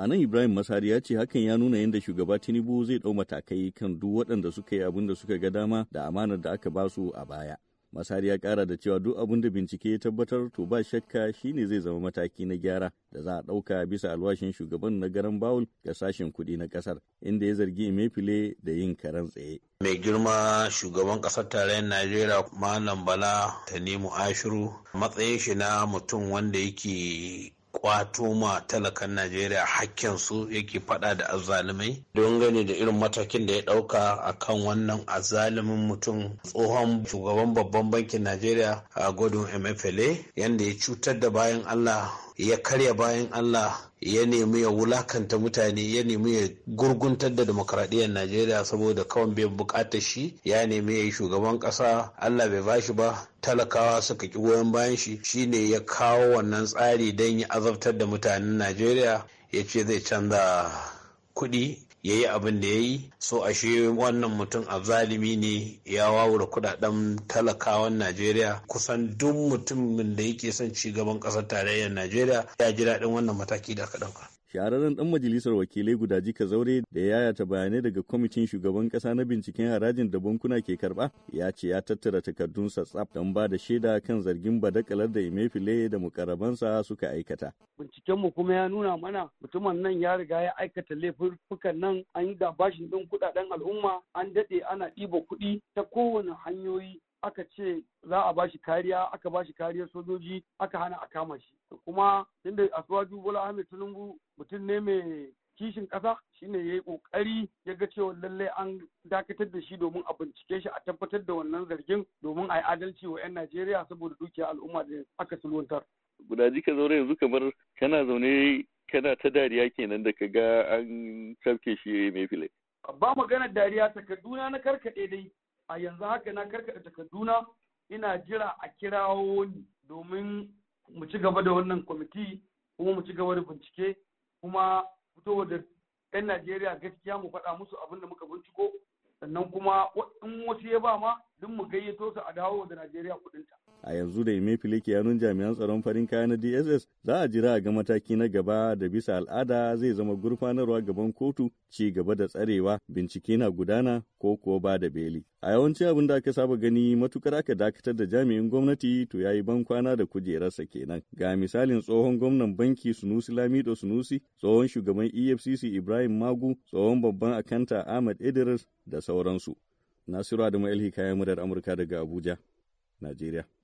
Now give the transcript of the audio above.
A nan Ibrahim Masari ya ce hakan ya nuna yadda shugaba Tinubu zai ɗau matakai kan duk waɗanda suka yi abin da suka ga dama da amanar da aka ba su a baya. Masari ya ƙara da cewa duk abin da bincike ya tabbatar to ba shakka shine zai zama mataki na gyara da za a ɗauka bisa alwashin shugaban na garan bawul ga sashen kuɗi na kasar inda ya zargi file da yin karan tsaye. Mai girma shugaban ƙasar tarayyar Najeriya Malam Bala Tanimu Ashiru matsayin shi na mutum wanda yake kwato ma talakan najeriya hakken su yake fada da azalimai. don gane da irin matakin da ya dauka a kan wannan azalimin mutum tsohon shugaban babban bankin najeriya a gudun mfla yadda ya cutar da bayan allah ya karya bayan Allah ya nemi ya wulakanta mutane ya nemi ya gurguntar da demokradiyyar Najeriya saboda kawan bai bukatar shi ya nemi ya yi shugaban kasa Allah bai bashi ba talakawa suka ki goyon bayan shi Shi ne ya kawo wannan tsari don ya azabtar da mutanen Najeriya ya ce zai canza kuɗi ya yi abin da ya yi so ashe wannan mutum zalimi ne ya wawura kudaden talakawan najeriya kusan duk mutumin da yake son ci gaban kasar tarayyar najeriya ya ji daɗin wannan mataki da aka ɗauka shahararren dan majalisar wakilai guda jika zaure da ya yata bayanai daga kwamitin shugaban kasa na binciken harajin da bankuna ke karba ya ce ya tattara takardunsa tsaf don ba da shaida kan zargin badakalar da imefile da mukarabansa suka aikata binciken mu kuma ya nuna mana mutumin nan ya riga ya aikata laifuffukan nan an yi da bashin din kudaden al'umma an dade ana ɗiba kuɗi ta kowane hanyoyi aka ce za a bashi kariya aka bashi kariyar sojoji aka hana a kama shi kuma inda asuwaju bola ahmed tinubu mutum ne mai kishin kasa shine ya yi ƙoƙari ya ga cewa lallai an dakatar da shi domin a bincike shi a tabbatar da wannan zargin domin a yi adalci wa 'yan Najeriya saboda dukiya al'umma da aka sulwantar. Gudaji ka zaure yanzu kamar kana zaune kana ta dariya kenan da ka ga an tafke shi mai file. Ba magana dariya takarduna na karkaɗe dai a yanzu haka na karkata takarduna ina jira a kirawo ni domin mu ci gaba da wannan kwamiti kuma mu ci gaba da bincike kuma fitowa da 'yan Najeriya gaskiya mu faɗa musu abin da muka binciko sannan kuma in wasu ya ba ma duk mu gayyato su a dawo da Najeriya kuɗinta. a yanzu da Emefiele ke hannun jami'an tsaron farin kaya na DSS za a jira a ga mataki na gaba da bisa al'ada zai zama gurfanarwa gaban kotu ci gaba da tsarewa bincike na gudana ko kuwa ba da beli. A yawanci abin da aka saba gani matukar aka dakatar da jami'in gwamnati to ya yi ban kwana da kujerarsa kenan. Ga misalin tsohon gwamnan banki Sunusi Lamido Sunusi, tsohon shugaban EFCC Ibrahim Magu, tsohon babban akanta Ahmad Idris da sauransu. Nasiru Adamu elhi kayan murar Amurka daga Abuja, Najeriya.